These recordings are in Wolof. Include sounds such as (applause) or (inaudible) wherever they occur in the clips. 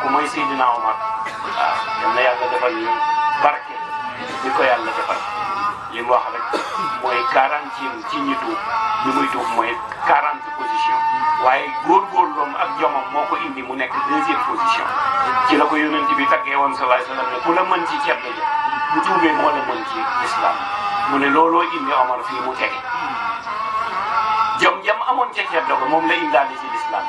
kooku mooy Seydina Omar waaw yal na yàlla defal ñu barke ñu ko yàlla defal li mu wax rek mooy ci ñi tuub ñu muy tuub mooy quarante position waaye góorgóorloom ak jomam moo ko indi mu nekk deuxième position ci la ko yonent bi taggee woon sallallahu alayhi wa sallam ne ku la ceeb la bu tuubee moo la mën islam mu ne looloo indi Omar fii mu tege jom jam amoon ca ceeb la ko moom la indaale ci l'islam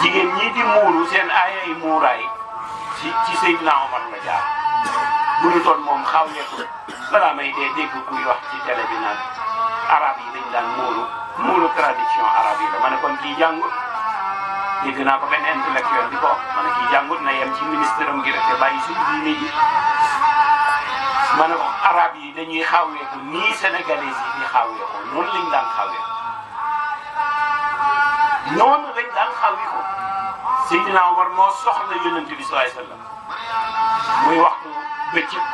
jigéen ñii di muuru seen aayay muuraay ci ci Seydina Omar la jaar bu ñu toon moom xaw yeeku balaa may dee dégg kuy wax ci tele bi naan arab yi dañ daan muuru muuru tradition arab yi la ma ne kon kii jàngut dégg naa ko benn intellectuel di ko wax ma jàngut na yem ci ministère am gi rek te suñu diine ji ma ne yi dañuy xaweeku nii sénégalais yi di xaweeku noonu lañ daan xaweeku noonu lañ daan xawwi ko Seydina Omar moo soxla yonent bi sallallahu alayhi wa sallam muy waxtu bëccëg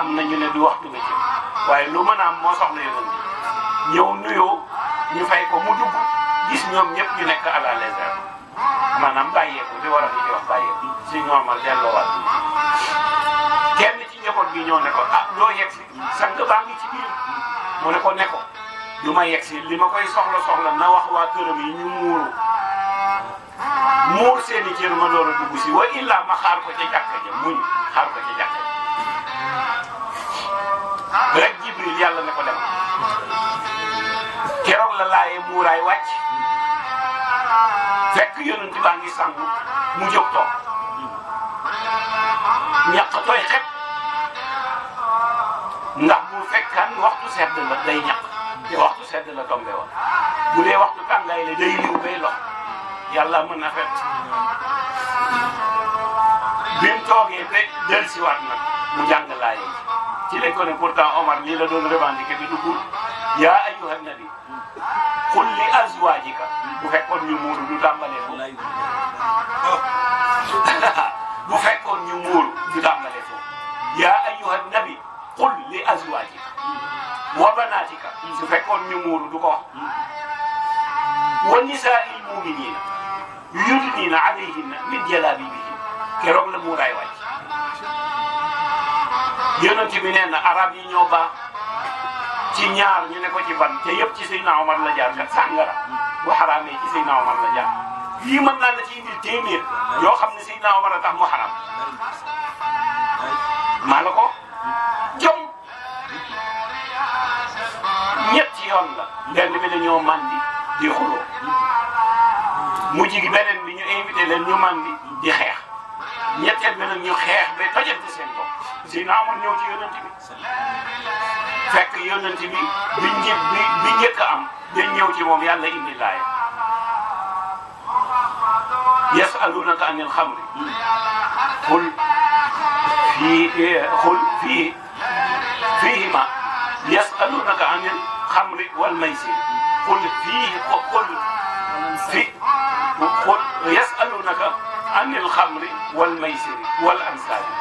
am na ñu ne du waxtu bëccëg waaye lu mën a am moo soxla yonent bi ñëw nuyoo ñu fay ko mu dugg gis ñoom ñëpp ñu nekk à la légère maanaam bàyyeeku li waral li ñuy wax bàyyeeku Seydina Omar delloowaat kenn ci njaboot gi ñoo ne ko ah loo yegg si sang baa ngi ci biir mu ne ko ne ko du ma yegg si li ma koy soxla soxla na wax waa këram yi ñu muuru muur seen i ma door a dugg si wa illaa ma xaar ko ca jàkka ja muñ xaar ko ca jàkka ja jibril yàlla ne ko dem keroog la laaye muuraay wàcc fekk yonent baa ngi sangu mu jóg toog ñàkk tooy xet ndax bu fekkan waxtu sedd la day ñàkk ci waxtu sedd la tombé woon bu dee waxtu tàngaay la day liw bay lox yàlla mën na fet bi mu toogee ba dellusiwaat nag mu jàng laay ci lañ ko ne pourtant Omar lii la doon revendiqué bi dugg yaa ayyuhan nabi qul li azwaajika bu fekkoon ñu muuru du tàmbalee foofu (laughs) bu fekkoon ñu muuru du tàmbalee foofu nabi qul li wa banaatika su fekkoon ñu muuru du ko wax wa nisaa'il mu'miniina yudniina alayhinna min jalaabiibihinna keroog la muuraay wàcc yonent bi nee na arab yi ñoo baax ci ñaar ñu ne ko ci ban te yëpp ci Seydina Omar la jaar nag sàngara bu xaraamee ci Seydina Omar la jaar lii mën naa la ci indi yoo xam ne Seydina Omar a tax mu xaraam maa ko jom yoon la benn bi dañoo mandi di xuloo mujj gi beneen bi ñu invité leen ñu mandi di xeex ñetteel bi nag ñu xeex ba tojante seen bopp si naa amoon ñëw ci yonent bi fekk yonent bi bi një bi bi njëkk am dañ ñëw ci moom yàlla indi laaya yasalunaka anil xamri xul fii xul eh, fii fiihima yasalunaka anil xamri wal maysir qul fiihi qul fi qul yasalunaka anil xamri wal maysiri wal ansaari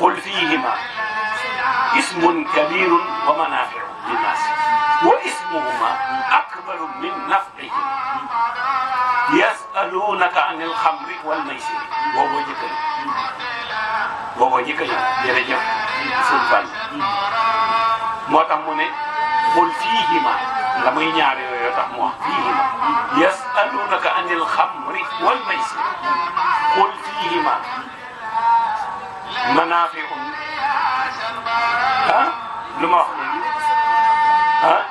qul fiihima ismun kabirun wa manaafiu linnaasi wa ismuhuma akbaru min nafihim yasalunaka anil xamri wal maysiri booboo njëkk a yëg booboo njëkk a yëg jërëjëf sëñ Fall moo tax mu ne qul fiihima la muy ñaar yooyu tax mu wax fiihima yasalunaka anil xamri wal maysir qul fiihima manaafi'un ah lu ma wax léegi ah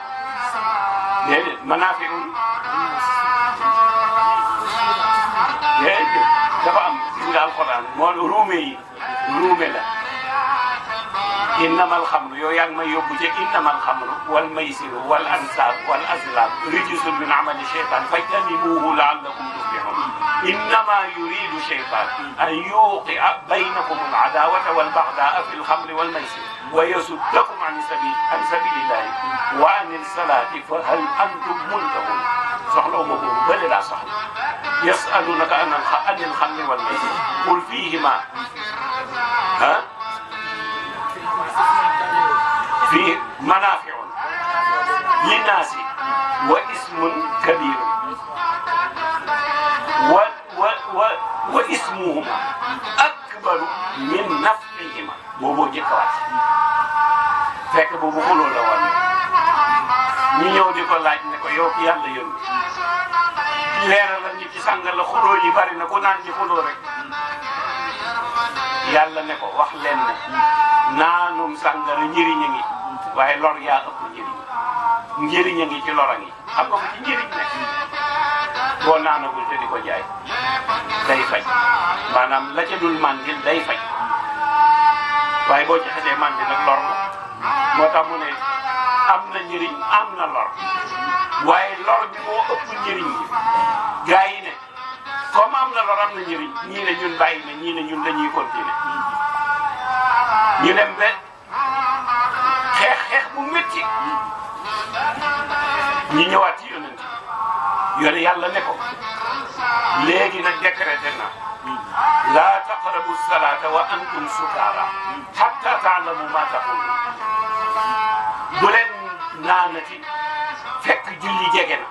déedéet manaafi'un déedéet dafa am gis nga alxuraan moo ruume yi ruume la innamal xamru yow yaa ngi may yóbbu ca innamal xamru wal maysiru wal ansaab wal azlaam rijsun min amali cheytaan fajtanibuuhu laallakum tuflihun innama yuridu cheytaan an yuuqia baynakum al adaawata wal baxdaa fi l xamri wal maysir wa yasuddakum an sabil an sabilillahi wa anil salaati fa hal antum muntahun soxla wu ma boobu bële laa soxla yasalunaka anil xamri wal maysir qul fiihima ah fii manaafiun linnaasi wa ismun kabiir wa wa wa wa ismuhuma akbaru min nafihima booboo njëkk a wàcc fekk boobu xuloo la woon ñu ñëw di ko laaj ne ko yow ki yàlla yónni leeralal ñu ci sàngal la xuloo yi bari na ku naan ñu xuloo rek yàlla ne ko wax leen ne naanum sàngara njëriñ a ngi waaye lor yaa ëpp njëriñ njëriñ a ngi ci lor a ngi xam nga ko ci njëriñ nag boo naanagul te di ko jaay day faj maanaam la ca dul màndil day faj waaye boo ci xasee màndil nag lor la moo tax mu am na njëriñ am na lor waaye lor bi ëpp njëriñ bi gaa yi ne comme am na lor am na njëriñ ñii ne ñun bàyyi na ñii ne ñun dañuy continuer ñu dem ba. xeex bu métti ñi ñëwaat ci yonent yone yàlla ne ko léegi nag décrété na laa taqrabu salaata wa antum sukaara hatta taalamu ma taqulu bu leen naanati fekk julli jege na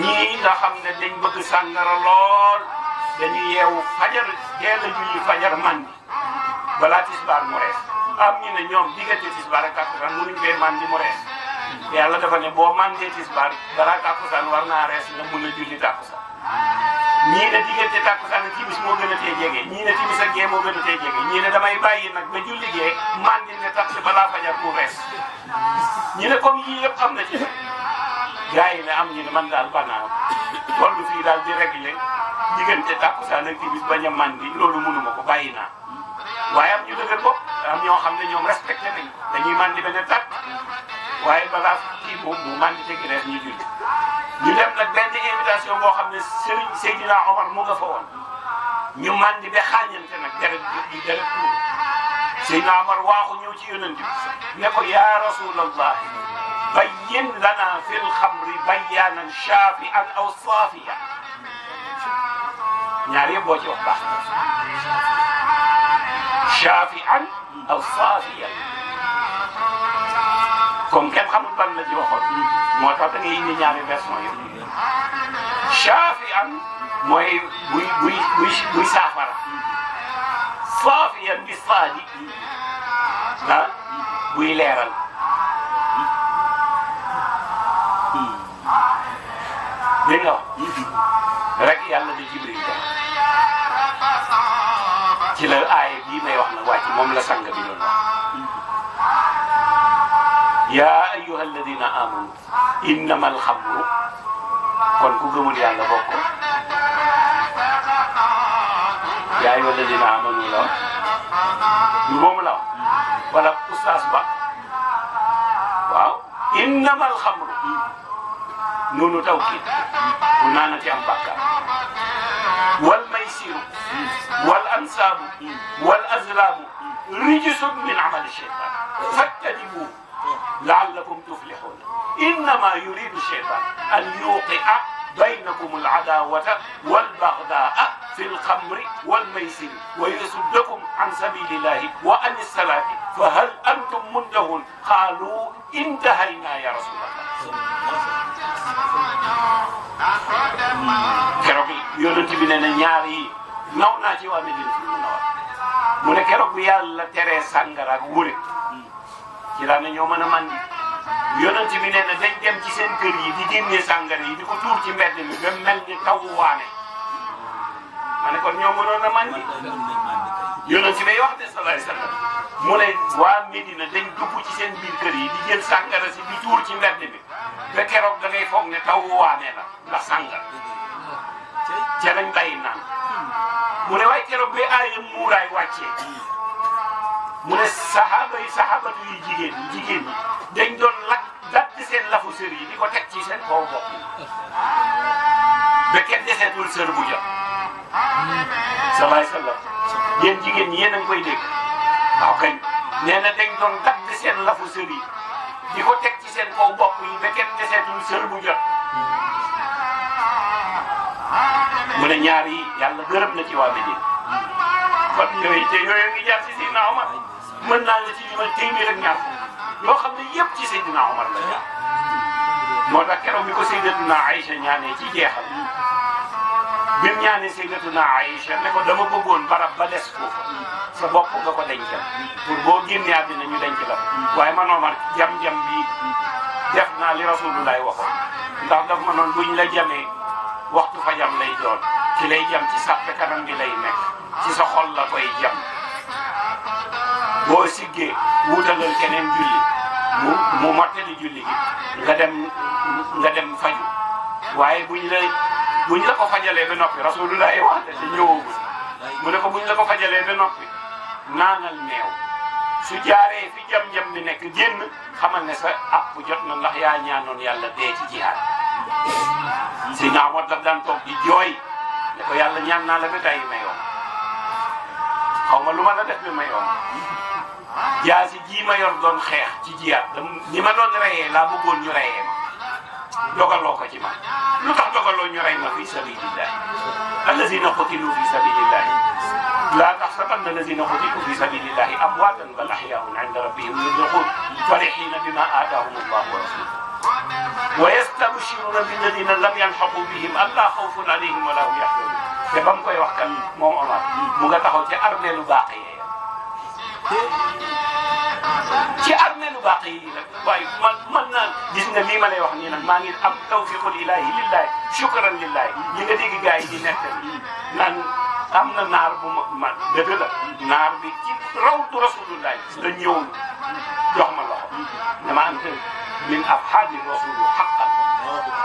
ñii nga xam ne dañ bëgg sàngara lool dañuy yeewu fajar teel a julli fajar man bi balaa tisbaar mu am ñu ne ñoom diggante tisbaar ak takkusaan mënuñ fee mandi mu rees yàlla dafa ne boo mandee tisbaar balaa takkusaan war naa rees nga mun a julli takkusaan ñii ne diggante moo gën a tee jege ñii ne timis ak gee moo gën a tee jege ñii ne damay a nag ba julli gee mandi ne tax ci balaa fajar mu rees ñu ne comme yii yëpp am na ci gars yi ne am ñu ne man daal banaa tollu fii daal di réglé diggante takkusaan ak timis bañ a mandi loolu mënuma ko bàyyi naa waaye am ñu dëgër bopp am ñoo xam ne ñoom respecté nañ dañuy mandi benn tat waaye balaa kii moom mu mandi ci grève ñu julli ñu dem nag benn invitation boo xam ne Serigne Seydina Omar mu nga fa woon ñu mandi ba xaañante nag deret di deret tuur Seydina Omar waaxu ñëw ci yonent bi ne ko yaa rasulallah bayyin lana fil xamri bayyaanan shaafian aw saafiyan ñaar yëpp boo ci wax baax shaafi'an aw saafiyan comme kenn xamul ban la ci waxoon moo tax da ngay indi ñaari version yëpp shaafi'an mooy buy buy buy buy saafara saafiyan bi saadi ah buy leeral dégg nga rek yàlla di jibril ci la aay yii may wax nag wàcc moom la sang bi doon wax yaa ayyuha alladina amanu innama alxamru kon ku gëmul yàlla bokk yaa ayyuha alladina amanu la moom la wala oustaz ba waaw innama alxamru noonu taw kii bu naanati am rijisun min amali cheytan fajtanibuuhu laallakum tuflihuun innamaa yuriidu cheytan an yuuqi'a baynakum al-'adaawata wal-baghdaa'a fil xamri wal maysiri wa yasuddakum an sabiilillaahi wa ani salaati fa hal antum muntahuun qaaluu intahaynaa yaa rasuulallaah keroog yonent bi nee na ñaar yi naw naa ci waa Medina mu ne keroog bi la teree sàngara ak wure ci laa ne ñoo mën a mandi yonent bi nee na dañ dem ci seen kër yi di génne sàngara yi di ko tuur ci mbedd mi ba mel ni taw waane ma ne kon ñoo mënoon a mandi yonent bi wax de salaay salaam mu ne waa Medina dañ dugg ci seen biir kër yi di jël sàngara si di tuur ci mbedd bi ba keroog da ngay foog ne taw waane la la sàngara ca lañ bàyyi naan mu ne waaye keroog bi aaya muuraay wàccee mu ne saxaaba yi saxaabatu yi jigéen ñi jigéen ñi dañ doon lakk dagg seen lafu sër yi di ko teg ci seen kaw bopp ba kenn deseetul sër bu jot. salaay salaam yéen jigéen ñi yéen a koy dégg waaw kañ nee na dañ doon seen lafu sër yi di ko teg ci seen kaw bopp yi ba kenn deseetul sër bu jot. mu ne ñaar yi yàlla gërëm na ci waa Médine kon yooyu te yooyu ngi jaar ci Seydina Omar mën naa la ci li ma téeméer ak ñaar yoo xam ne yëpp ci Seydina Omar la jaar moo tax keroog bi ko Seydatuna Aïcha ñaanee ci jeexal bi mu ñaanee Seydatuna Aïcha ne ko dama bëggoon barab ba des foofu sa bopp ka ko dencal pour boo génnee àddina ñu denc la waaye man Omar jam-jam bi def naa li Rasulullaay waxoon ndax daf ma noon buñ la jamee waxtu fajam lay doon ki lay jam ci sàppe kanam gi lay nekk ci sa xol la koy jam boo siggee wutalal keneen julli mu mu mottali julli gi nga dem nga dem faju waaye buñ la la ko fajalee ba noppi rasulullah wax te ñëwagul mu ne ko buñ la ko fajalee ba noppi naanal meew su jaaree fi jam-jam bi nekk génn xamal ne sa àpp jot na ndax yaa ñaanoon yàlla dee ci jihaad si naa moo tax daan toog di jooy ne ko yàlla ñaan naa la ba tey mayoon xaw ma lu ma la def bi mayoon jaasi jii ma yor doon xeex ci jiyaat dam ni ma doon reyee laa bëggoon ñu reyee ma dogaloo ko ci ma lu tax dogaloo ñu rey ma fi sabilillahi allazina qutilu fi sabilillahi laa taxsabanna allazina qutilu fi sabilillahi amwaatan bal ahyaun inda rabbihim yarzuqun farihina bima aataahum allahu wa rasuluhu ويستبشرون بالذين لم يلحقوا بهم ألا خوف عليهم ولا هم يحزنون te ba mu koy wax kan moom Omar mu nga taxaw ci armeelu baax yi ci armeelu baax yi nag waaye man man naan gis nga lii ma lay wax nii nag maa ngi am tawfiqul ilaahi lillahi shukran lillahi ñi nga dégg gars yi di nekk naan am na naar bu ma ma dëgg la naar bi ci rawdu rasulullahi da ñëwul jox ma loxo dama am min ab xaajin rasulu xaqan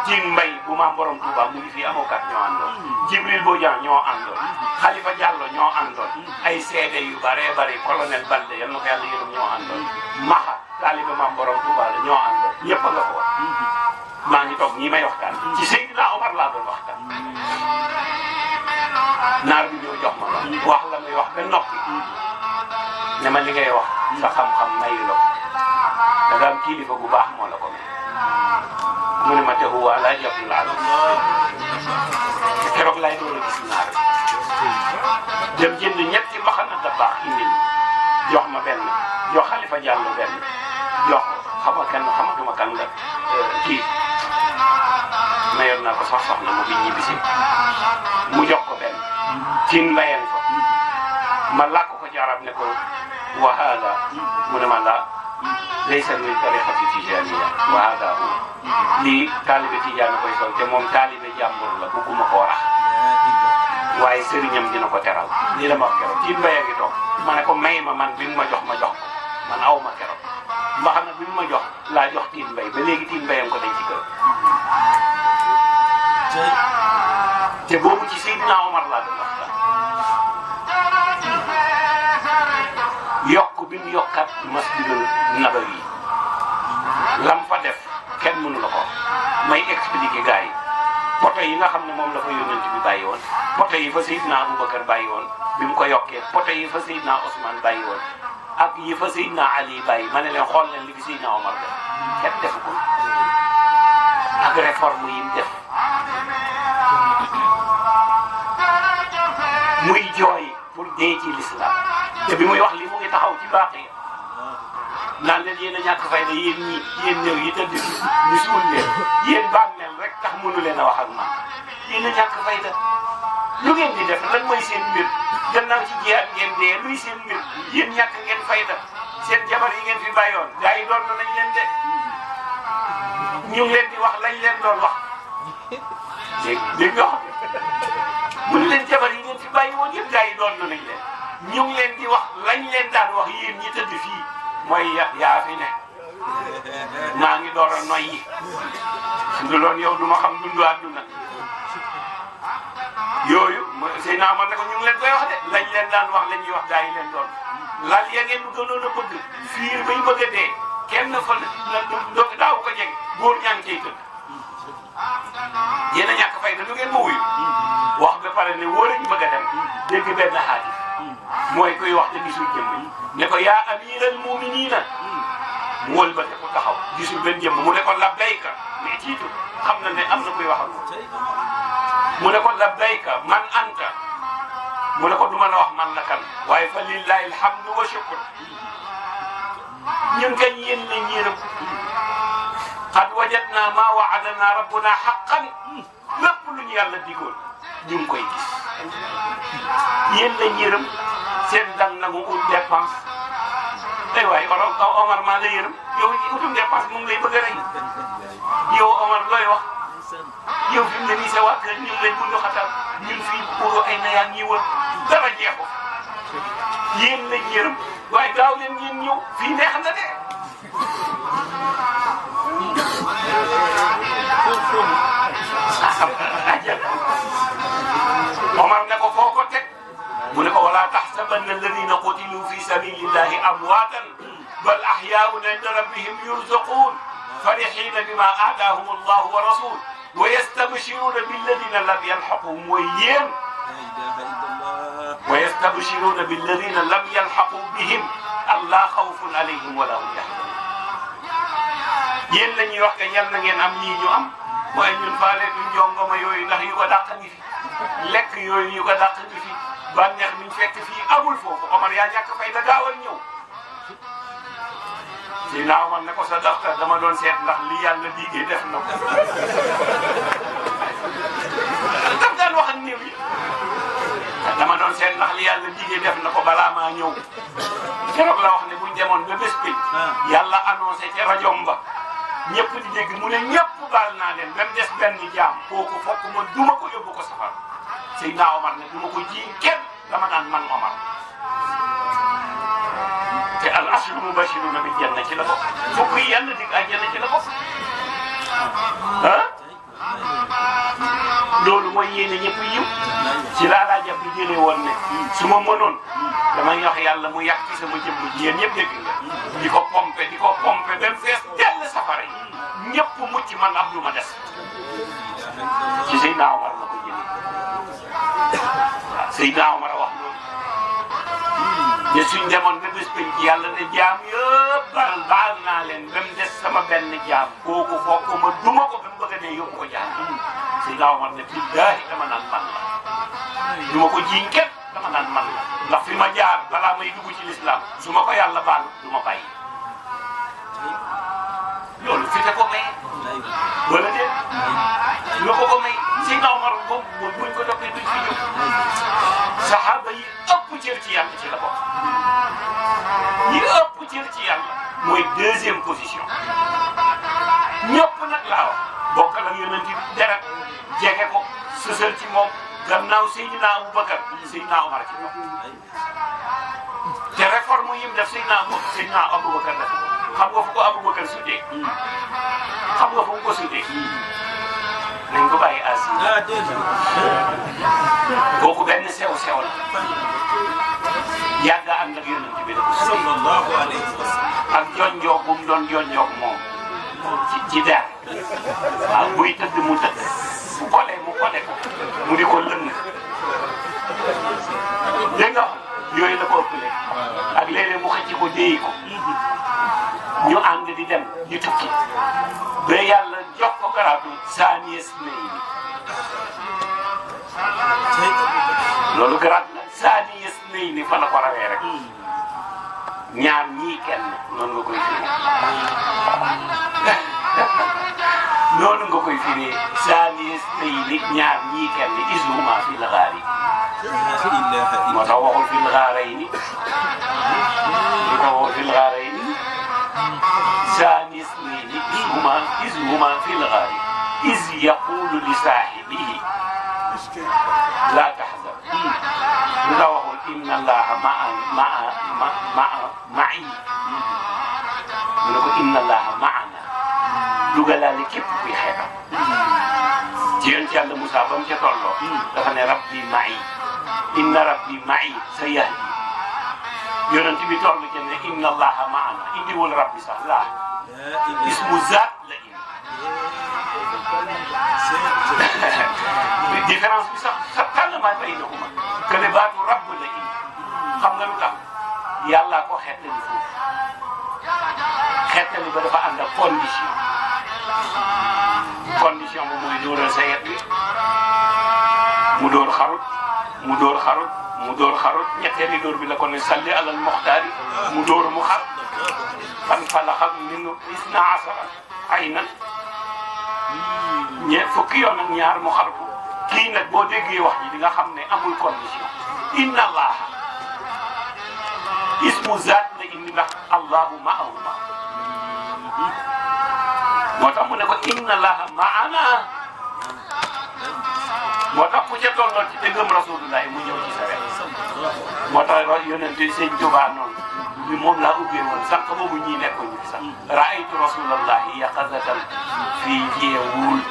jiin mbay bu maam borom Touba mu ngi fii amokat ñoo àndoon hmm. Jibril Bodian ñoo àndoon Khalifa Diallo ñoo àndoon hmm. ay seede yu bare bare colonel Balde yal na ko yàlla yërëm ñoo àndoon hmm. maxa taaliba maam borom Touba la ñoo àndoon ñëpp a nga maa ngi toog ñi may waxtaan ci Seydina Omar laa doon waxtaan naar bi ñëw jox ma wax la muy wax ba noppi ne ma li ngay wax sa xam-xam mayu la da kii li kilifa bu baax moo la ko may mu ne ma te huwa ala jabul alam keroog laay doon gis naar dem jënd ñetti mbaxana da baax indil jox ma benn jox xalifa jàll benn jox xama kenn xamatuma kan nga kii mayoon naa ko sax soxna mu bi ñibbisi mu jox ko benn cin layeen ma làkk ko ci arab ne ko wa hada mu ne ma la laysa min tariqati tijaaniya wa hada huwa lii taalibe tijaan koy sol te moom taalibe jàmbur la bëgguma ko rax waaye sëriñam dina ko teral nii la ma wax keroog ko may ma man bi ma jox ma jox man aw ma keroog mba xam ne ma jox laa jox tiin bay ba léegi tiin mbayam ko dañ ci kër te boobu ci Seydina Omar laa doon waxtaan yokk bi mu yokkaat masjidul nabawi lam fa def kenn mënu la ko may expliqué gars yi poto yi nga xam ne moom la ko yónnent bi bàyyi woon poto yi fa Seydina Aboubacar bàyyi woon bi mu ko yokkee poto yi fa Seydina Ousmane bàyyi woon ak yi fa Seydina Ali bàyyi ma xool leen li fi Seydina Omar def kenn defu ko ak réforme yi mu def muy jooy pour dee ci l'islam te bi muy wax taxaw ci baax yi naan leen yéen a ñàkk fayda yéen ñi yéen néew yi tëdd ñu suul leen yéen bàmmeel rek tax mënu leen a wax ak man yéen a ñàkk fayda lu ngeen di def lan mooy seen mbir gannaaw ci jiyaat ngeen dee luy seen mbir yéen ñàkk ngeen fayda seen jabar yi ngeen fi bàyyoon gars yi doon nañ leen de ñu ngi leen di wax lañ leen doon wax dégg nga wax mun leen jabar yi ngeen fi bàyyi woon yëpp gars yi doon nañ leen ñu ngi leen di wax lañ leen daan wax yéen ñi tëdd fii mooy ya yaa fi ne maa ngi door a noyyi du yow du ma xam dundu àdduna yooyu sëy naa man ne ko ñu ngi leen wax de lañ leen daan wax la ñuy wax gaa yi leen doon lal ya ngeen gënoon a bëgg fiir bay bëgg a dee kenn fa do daaw ko jeg góor ñaa ngi cay tëdd yéen a ñàkk fay da du ngeen ma wuyu wax ba pare ne wóor ñu bëgg a dem dégg benn xaaj mooy koy wax te gisul jëmm yi ne ko yaa amiral muminina mu wëlbate ko taxaw gisul benn jëmm mu ne ko labbayka mais tiitu xam na ne am na koy waxal mu ne ko labbayka man anta mu ne ko du ma la wax man la kan waaye fa lillahi alhamdu wa shukr ñun kañ yéen la ñeenam qad wajadna ma waadana rabbuna haqqan lépp lu ñu yàlla digoon ñu ngi koy gis yéen la ñeenam seen dal na mu ut dépense ay waay Omar maa la yërëm yow utum dépense mu ngi lay bëgg a rey yow Omar looy wax yow fi mu ne nii sa waa kër ñun lañ buñu xatal ñun fii pour ay na yaa ngi wër dara jeexu yéen lañ yërëm na de. تحسبن الذين قتلوا في سبيل الله أمواتا بل أحياء عند ربهم يرزقون فرحين بما آتاهم الله ورسوله ويستبشرون بالذين لم يلحقهم وإياهم ويستبشرون بالذين لم يلحقوا بهم الله خوف عليهم ولا هم يحزنون yéen la ñuy wax que yal na ngeen am ñii ñu am waaye ñun faale duñ jongoma yooyu ndax yu ko dàq ngi fi lekk yooyu yu ko dàq ngi fi bànneex biñ fekk fii amul foofu Omar yaa ñàkk fay da gaawal ñëw si naa ne ko sa dàq dama doon seet ndax li yàlla liggéey def na ko daf daan wax doon seet ndax li yàlla liggéey def na ko balaa maa ñëw keroog la wax ne buñ demoon ba bés bi ah. yàlla annoncé ca rajo ba ñëpp di dégg mu ne ñëpp baal naa leen même des benn jaam kooku fokk ma duma ko yóbbu ko safar Seydina Omar ne duma ko jiiñ kenn dama naan man Omar te al ashru mubashiruna bil janna ci la bokk fukk yi yàlla dig àjjana ci la bokk ah loolu mooy yéene ñëpp yiw ci laa laa jàpp jëlee woon ne su ma mënoon damay wax yàlla mu yàq sama jëmm ji yéen ñëpp dégg nga di ko pompé di ko pompé dem fees pare ñëpp ci man am lu ma des ci Seydina Omar la ko jëlee waaw Seydina a wax suñ demoon ba bés bañ ci yàlla ne jaam yëpp baal baal naa leen ba des sama benn jaam kooku ko ma duma ko ba mu bëgg a dee yóbbu ko jaam Seydina Omar ne billaahi dama naan man la duma ko jiiñ kenn dama naan man la ndax fi ma jaar balaa may dugg ci lislaam su ma ko yàlla baal du ma bàyyi loolu fi te ko maye. wala déet. lu ko ko may si ndaw mar boobu moom buñ ko toppee duñ fi jóg. saxaaba yi ëpp cër ci yàlla ci la bokk. yi ëpp cër ci yàlla. mooy deuxième position. ñëpp nag laa wax. bokkal ak yonent bi dara jege ko sësal ci moom gannaaw Seydina Abubakar Seydina Omar ci moom. te réforme yi mu def Seydina Abubakar Seydina Abubakar def xam nga fu ko Aboubacar sutee xam nga fu mu ko sutee nañ ko bàyyi asi ah, kooku benn sew sew la yàgg am nag yonent bi la sallallahu ak jonjoog bu mu doon jonjoog moom ci ci tëdd mu tëdd kole mu kole mu di ko lënn dégg nga yooyu la ko ëppale ak mu xëcc ko déyi ñu ànd di dem ñu tukki ba yàlla jox ko garabu saa nees mbéy mi loolu garab la saa nees mbéy mi fa la ko rawee rek ñaar ñii kenn noonu nga koy firi (laughs) noonu nga koy firi saa nees mbéy mi ñaar ñii kenn isuma fi la xaar yi. moo tax waxul fi la xaar yi ni li ko waxul fi la xaar زان اثنين إذ هما إذ هما في الغار إذ يقول لصاحبه لا تحزن لوه إن الله مع مع مع مع معي mu ne ko inna allaha maana dugalaale képp kuy xeebam hmm. ci yonent yàlla Moussa ba mu ca tolloo hmm. dafa ne rabbi ma'i inna rabbi ma'i sa yahdi yonent bi toll ci ne inna allaha maana indiwul rabbi sax laa ismu zaat la indi (laughs) différence bi sax sax tellement fay na ko ma que rabb la indi xam nga lu tax yàllaa ko xettali foofu xettali ba dafa ànd ak condition condition bu muy dóoral sa yet mu dóor xarut mu dóor xarut mu dóor xarut ñetteeli dóor bi la ko ne salli alal moxtaari mu dóor mu xar fan falaxam minhu isna asara ay nan fukki yoon ak ñaar mu xar ko kii nag boo déggee wax ji di nga xam ne amul condition inna allah ismu zaat la indi ndax allahu maahuma moo tax mu ne ko inna allaha maana moo tax ku ca tolloon ci dëggam rasulullah mu ñëw ci sa wet moo tax yonent sëñ Tuubaa noonu bi moom laa ubbee woon sànq boobu ñii nekkoon ñu sax raaytu rasulallahi yaqazatan fii jeewul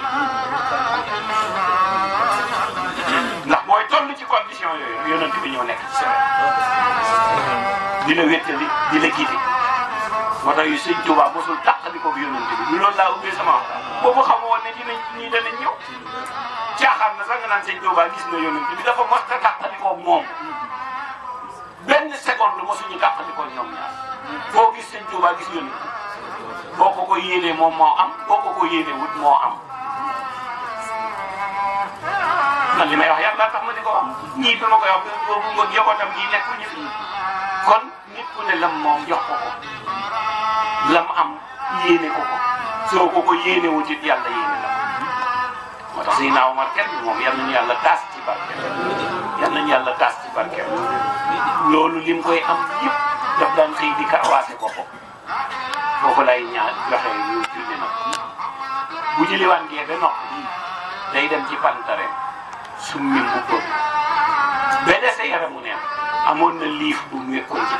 ndax booy toll ci condition yooyu yonent bi ñëw nekk ci sa wet di la wéttali di la gidi moo tax yu sëñ Tuubaa mosul bi di ko yonent bi loolu laa ubbee sama boobu xamoo ne dinañ ñii dana naan sëñ a tàqalikoo moom benn seconde mosuñu tàqalikoo ñoom ñaar boo gis sëñ Tuubaa gis yonent bi boo ko ko yéenee moom moo am boo ko ko yéenee wut moo am. man wax yàlla tax ma di ko wax ñii dama koy wax boobu nga fi kon nit ku moom jox ko ko lam am yéene ko ko soo ko ko yéene wut it yàlla moo tax Seydina Omar kenn moom yal nañu yàlla taas ci barkeem yal nañu yàlla taas ci barkeem loolu lim koy am yëpp daf daan xëy di karawaate boppam foofu lay ñaar joxe ñu julli na bu jëliwaan gee ba nopp day dem ci pantare summi mu bëgg ba dese yaramu neen amoon na liif bu mu wékkoon ci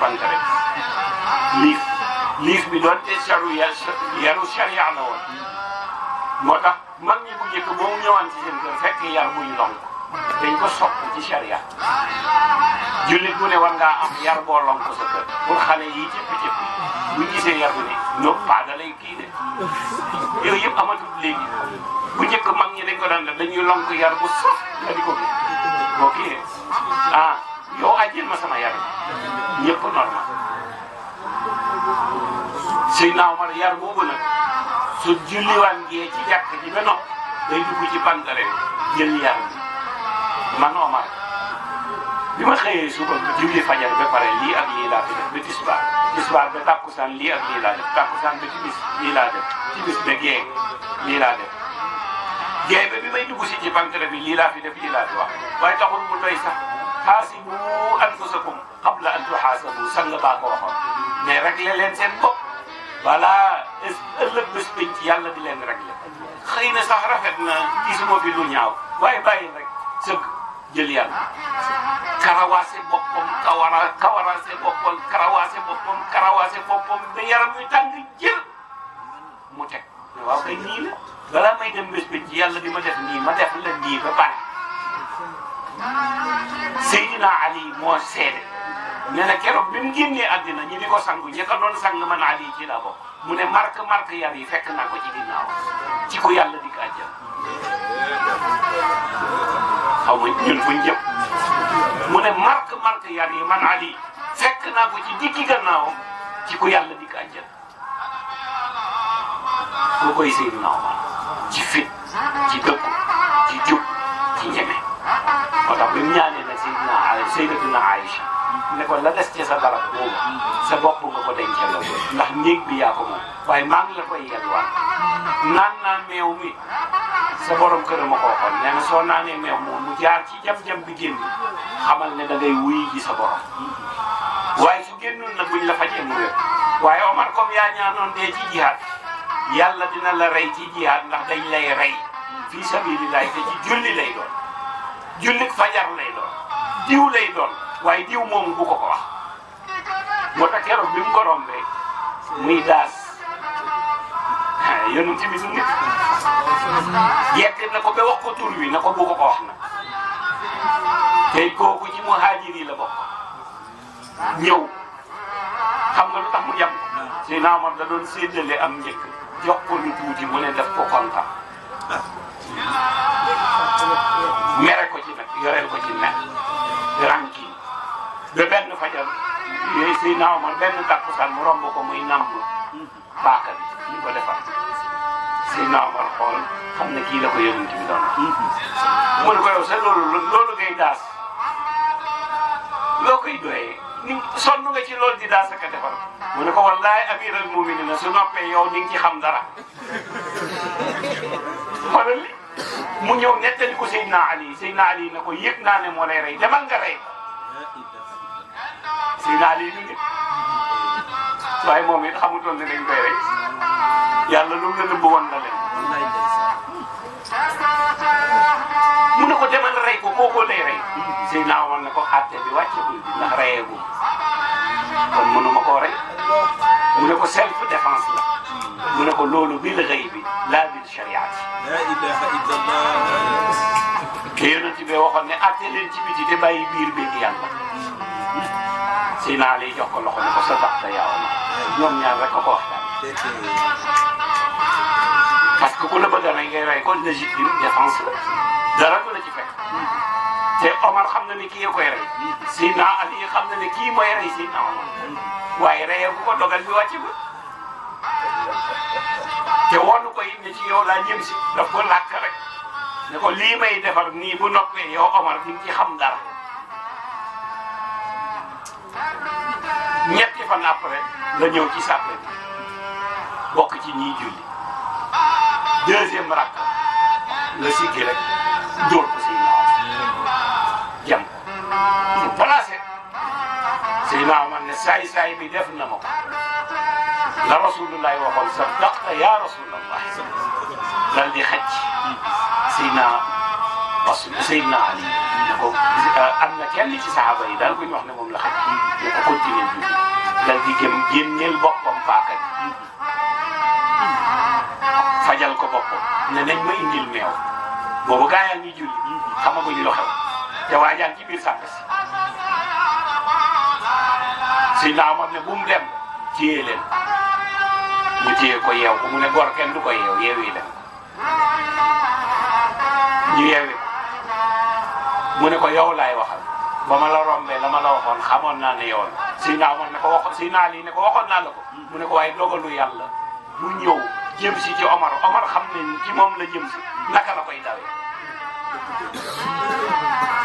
liif bi doon te yaru charia la woon moo tax man ñi bu njëkk boo ñëwaan ci seen kër fekk yar buy lonk dañ ko sopp ci sharia jullit bu ne war am yar boo lonk sa kër pour xale yi cëpp cëpp bu gisee yar bu ne ñoom paa da kii de yooyu yëpp amatul léegi bu njëkk mag ñi ko daan def dañuy lonk yar bu saf nga di ko kii boo kii ah yow ajjil ma sama yar ñëpp normal suy naaw ma yar boobu nag su julliwaan gee ci jàkk ji ba nopp day dugg ci pantale jël yar bi ma xëyee suba julli fajar ba pare lii ak lii laa fi def ba tisbaar tisbaar ba takkusaan lii ak lii laa def takkusaan ba ci bis lii laa def ci bis ba gee lii bi may dugg si ci pantale bi lii laa fi def lii laa fi wax waaye taxul mu doy sax xaasibu an tuxaasabu sang baa ko waxoon mais rek leen seen bopp voilà ëllëg bés pénc yàlla di leen rek xëy na sax rafet na gisuma fi lu ñaaw waaye bàyyi rek sëgg jël yàlla karawaase boppam kawara karawaase boppam karawaase boppam karawaase boppam ba yaram yu tàng jël mu teg waaw nii la balaa may dem bés pénc yàlla di ma def nii ma def la ba pare Seydina Ali moo nee na keroog bi ñi di ko sang ñi ko doon sang man Ali ci laa bokk mu ne mark mark yar yi fekk na ko ci ginnaaw ci ko yàlla dig àjjal xaw ma ñun fuñ jëm mu ne mark mark yar yi man Ali fekk naa ko ci diggi gannaaw ci ko yàlla dig àjjal koo koy Seydina Omar ci ne ko la des ci sa barab boobu sa bopp nga ko denc ndax néeg bi yaa ko moom waaye maa la koy yelwaan naan naa meew mi sa borom kër ma ko waxoon soo naanee meew moom mu jaar ci jam-jam bi génn xamal ne da ngay ji sa borom waaye su génnoon nag buñ la fajee mu wér waaye Omar comme yaa ñaanoon dee ci jihaad yàlla dina la rey ci jihaad ndax dañ lay rey fii sabilillahi te ci julli lay doon jullik fajar lay doon diw lay doon waaye diw moom bu ko ko wax moo tax keroog bi mu ko rombee muy daas yónn ci bisu yette na ko ba wax ko tur wi na ko bu ko ko wax na tey kooku ci muhaajir yi la bokk ñëw xam nga lu tax mu da doon am njëkk jox ko lu mu ne def ko kontaan mere ko ci nag yoreel ko ci nag rang ba benn fajar yooyu si naaw ma benn takkusaan mu romb ko muy nambu paaka bi ñu ko defal si naaw ma xool xam ne kii la ko yonent bi doon. mu ne ko yow sa loolu ci loolu di daas ak a mu ne ko wallaahi amiral muminina su noppee yow ni nga ci xam dara mu ñëw nettali ko Seydina Ali Seydina Ali na ko yëg naa ne moo rey demal nga rey. si naa lii waaye moom it xamutoon ne dañ koy rey yàlla lu mu la nëbb woon mu ne ko demal rey ko kookoo lay rey. si naa woon ko àtte bi wàccagul ndax reyeegul kon koo rey mu ne ko self défense la mu ne ko loolu bil rëy bi laa bil chariat. la ilaha illallah. te yonent bi waxoon ne àtte leen ci biti te bàyyi biir bi si naa lay jox ko loxo ne ko sa baxta yaaw ma ñoom ñaar rek ko ko wax daal parce que ku la bëgg a rey ngay rey ko légitime défense la dara du la ci fekk te Omar xam na ni kii koy rey Sina Ali xam na ni kii mooy rey Sina Omar waaye reyee bu ko dogal bi wàcc ba te wonu ko it ne ci yow laa jëm si daf ko làkk rek ne ko lii may defar nii bu noppee yow Omar di nga ci xam dara ñetti fan après la ñëw ci sàppe bi ci ñiy julli deuxième rakk la siggi rek dóor ko Seydina Omar jam ko mu placé Seydina Omar ne saay saay bi def na ma ko la rasulullahi waxoon sa ya rasulallah dal di xëcc parce que Seydina Ali ko am na kenn ci saaba yi daal ko ñu wax ne moom la xaj ne ko continuer julli dal di gëm génneel boppam paaka fajal ko boppam ne nañ ma indil meew boobu gaa yaa ngi julli xamaguñ lu xew te waajaan ci biir sàkk si Seydina Omar ne bu mu dem téye leen mu ko yew ko mu ne gor kenn du ko yeew yeew yi dem ñu mu ne ko yow laay waxal ba ma la rombee la ma la waxoon xamoon naa ne yow si naa moon ne ko wax si naa lii ne ko waxoon naa la ko mu ne ko waaye dogalu yàlla mu ñëw si ci Omar Omar xam ci moom la jëm si naka la koy dawee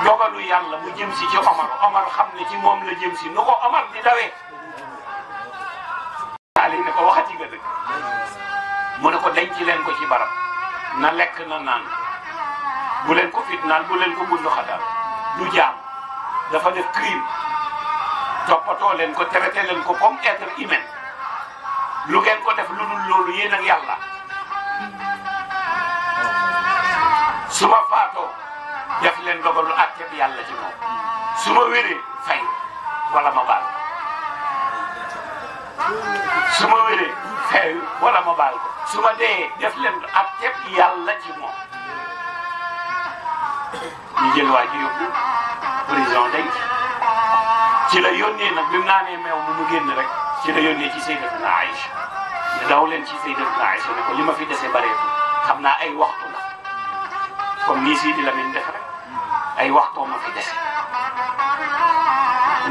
dogalu yàlla mu jëm si ci Omar Omar xam ne ci moom la jëm si nu ko Omar di dawee naa lii ne ko waxati nga dëgg mu ne ko denc leen ko ci barab na lekk na naan bu leen ko fitnaal bu leen ko bundu xatal du jaam dafa def crime toppatoo leen ko traité leen ko comme être humain lu ngeen ko def lu dul loolu yéen ak yàlla su ma faatoo def leen dogalu àtte bi yàlla ci moom ma wéree fay wala ma baal su ma wéree fay wala ma baal ko su ma dee def leen àtte bi yàlla ci moom. ñu jël waa ji yóbbu prison denc ci la yónnee nag bi mu naanee meew mu mu génn rek ci la yónnee ci Sayyidatuna Aïcha ne daw leen ci Sayyidatuna Aïcha ne ko li ma fi dese bareetu xam naa ay waxtu la comme nii sii di la min def rek ay waxtoo ma fi dese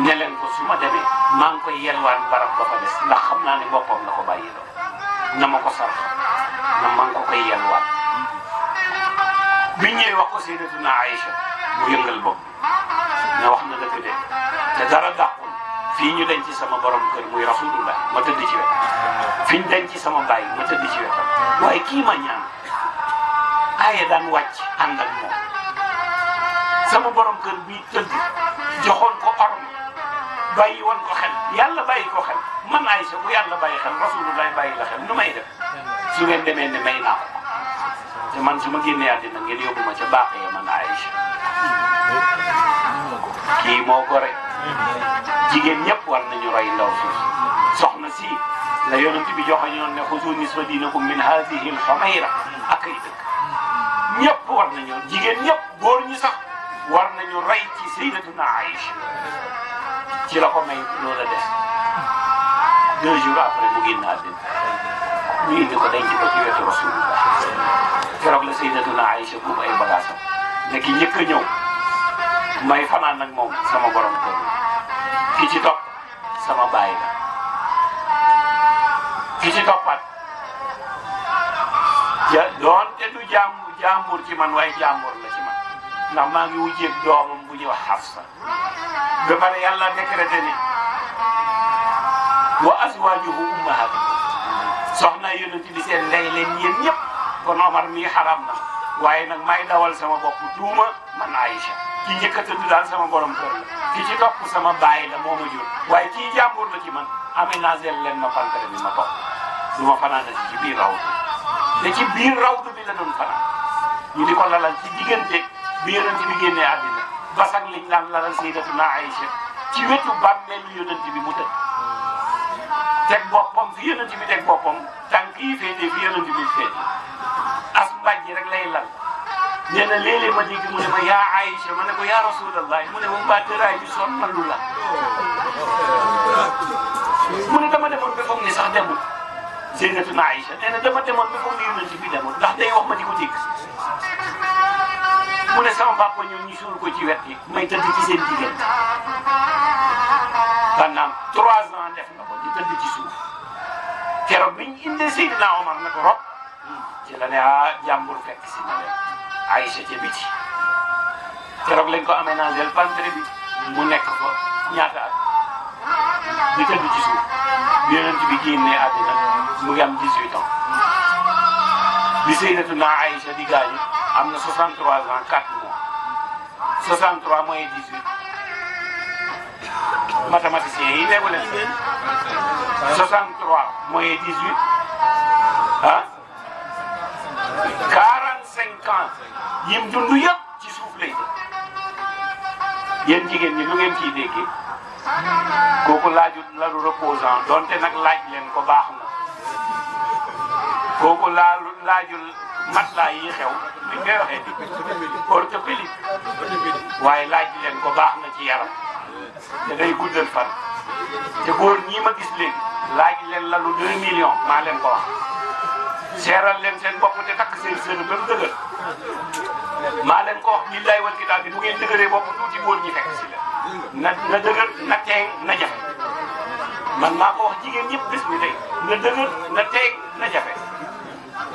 ne leen ko su ma demee maa ngi koy yelwaan barab ba fa des ndax xam naa ni boppam la ko bàyyi na ma ko sarax ko koy bi ñëwee wax ko Seydatuna Aïcha mu yëngal bo ne wax na dëgg de te dara dàqul fii ñu denc sama borom kër muy rasulullah ma tëdd ci wetam fi ñu denc sama baay ma tëdd ci wetam kii ma ñaan aaya daan wàcc am ak moom sama borom kër bi tëdd joxoon ko orma bàyyi woon ko xel yàlla bàyyi ko xel man Aïcha bu yàlla bàyyi xel rasulullah bàyyi la xel nu may def su demee ne may naa te man su ma génnee àddina ngeen yóbbu ma ca baaxee man Aïcha kii moo ko rek jigéen ñëpp war nañu roy ndaw si soxna si la yonent bi joxe ñoon war nañu jigéen ñëpp góor ñi sax war nañu roy ci sayyidatuna ci la ko may loola des deux jours après mu génn àddina ñu indi ko denc ko ci wetu keroog la Sayyidatuna Aïcha bu ay bagages am nekk njëkk a may fanaan nag moom sama borom kër ki ci topp sama baay ki ci toppat ja doonte du jàmm ci man waaye jàmbur la ci man ndax maa ngi wujjeeg doomam bu ñuy wax Hafsa ba pare yàlla ni wa azwaajuhu ummahatuhum soxna yonent bi seen ndey leen yéen ñëpp. kon Omar mii xaraam na waaye nag may dawal sama bopp tuuma man Aïcha ki njëkk daal sama borom kër la ki ci topp sama baay la moo ma waaye kii jàmbur la ci man aménagé leen ma pancré bi ma topp du ma fanaan ci biir rawdu da ci biir rawdu bi la doon di ko lalal ci diggante bi yonent bi génnee àddina basak liñ daan lalal na Aïcha ci wetu bàmmeelu yonent bi mu tëdd teg boppam fi yonent bi teg boppam tànk yi féetee fi yonent bi bàjj rek lay lal nee na léeg-léeg ma dégg mu ne ma yaa Aïcha ma ne ko yaa Rasulallah mu ne ma baateraay bi soppalu la mu ne dama demoon ba foog ni sax demul Seydatuna Aïcha nee na dama demoon ba foog ni yonent bi demul ndax day wax ma di ko dégg mu ne sama papa ñëw ñu suur ko ci wet gi may tëdd ci seen jigéen pendant trois ans def na ko di tëdd ci suuf keroog bi ñu indee Seydina Omar na ko rob ci la ne ah jàmbur fekk si na leen Aïcha ca biti lañ ko aménagé pentre bi mu nekk fa ñaata at di tëdd ci suuf yonent bi génnee àddina mu ngi am 18 ans bi Seydatuna Aïcha di gaañu am na 63 ans 4 mois 63 mooy 18 mathématiciens yi neewu ans yim dund yëpp ci suuf lay jëm jigéen ñi lu ngeen ci déggee kooku laajut lalu reposant donte nag laaj leen ko baax na kooku laalu laajul matelas yi xew li ngay waxee di orthopédique waaye laaj leen ko baax na ci yaram te day guddal fan te góor ñii ma gis leen laaj leen lalu 2 millions maa ko wax. seeral leen seen bopp te takk seen seen ba mu leen ko wax billaay wal kitaab bi bu ngeen dëgëree bopp tuuti góor ñi fekk si la na na dëgër na teeg na jafe man maa ko wax jigéen ñëpp bis bi tey na dëgër na teeg na jafe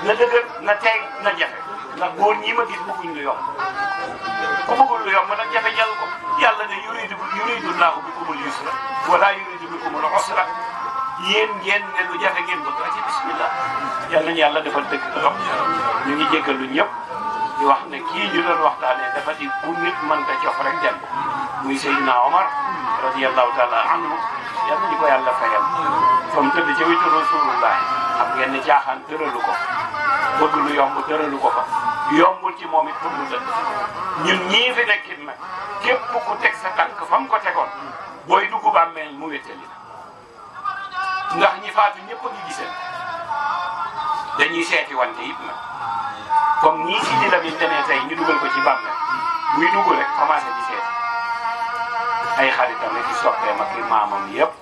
na dëgër na teeg na jafe ndax góor ñi ma gis bëgguñ lu yomb ku bëggul lu yomb nag jafe jal ko yàlla ne yuridu yuridu laahu bikumul yusra wala yuridu bikumul yéen ngeen ne lu jafe ngeen bëgg ci bismillah yal nañu yàlla defal dëgg toog ñu ngi jéggalu ñëpp di wax ne kii ñu doon waxtaanee dafa di bu nit mën ta cof rek dem muy Seydina Omar radiyallahu taala anhu yal nañu ko yàlla fayal fa mu tëdd ci wetu rasulullah xam jaaxaan tëralu ko bëgg lu yomb tëralu ko fa yombul ci moom it pour mu dëkk ñun ñii fi nekkit nag képp ku teg sa tànk fa mu ko tegoon booy dugg bàmmeel mu wéttali ndax ñi faatu ñëpp a ngi gisal dañuy seeti wante yëpp nag comme ñii si di la yi demee tey ñu dugal ko ci bàmm muy dugg rek commencé di seeti ay xaritam rek di soppeem ak i maamam yëpp.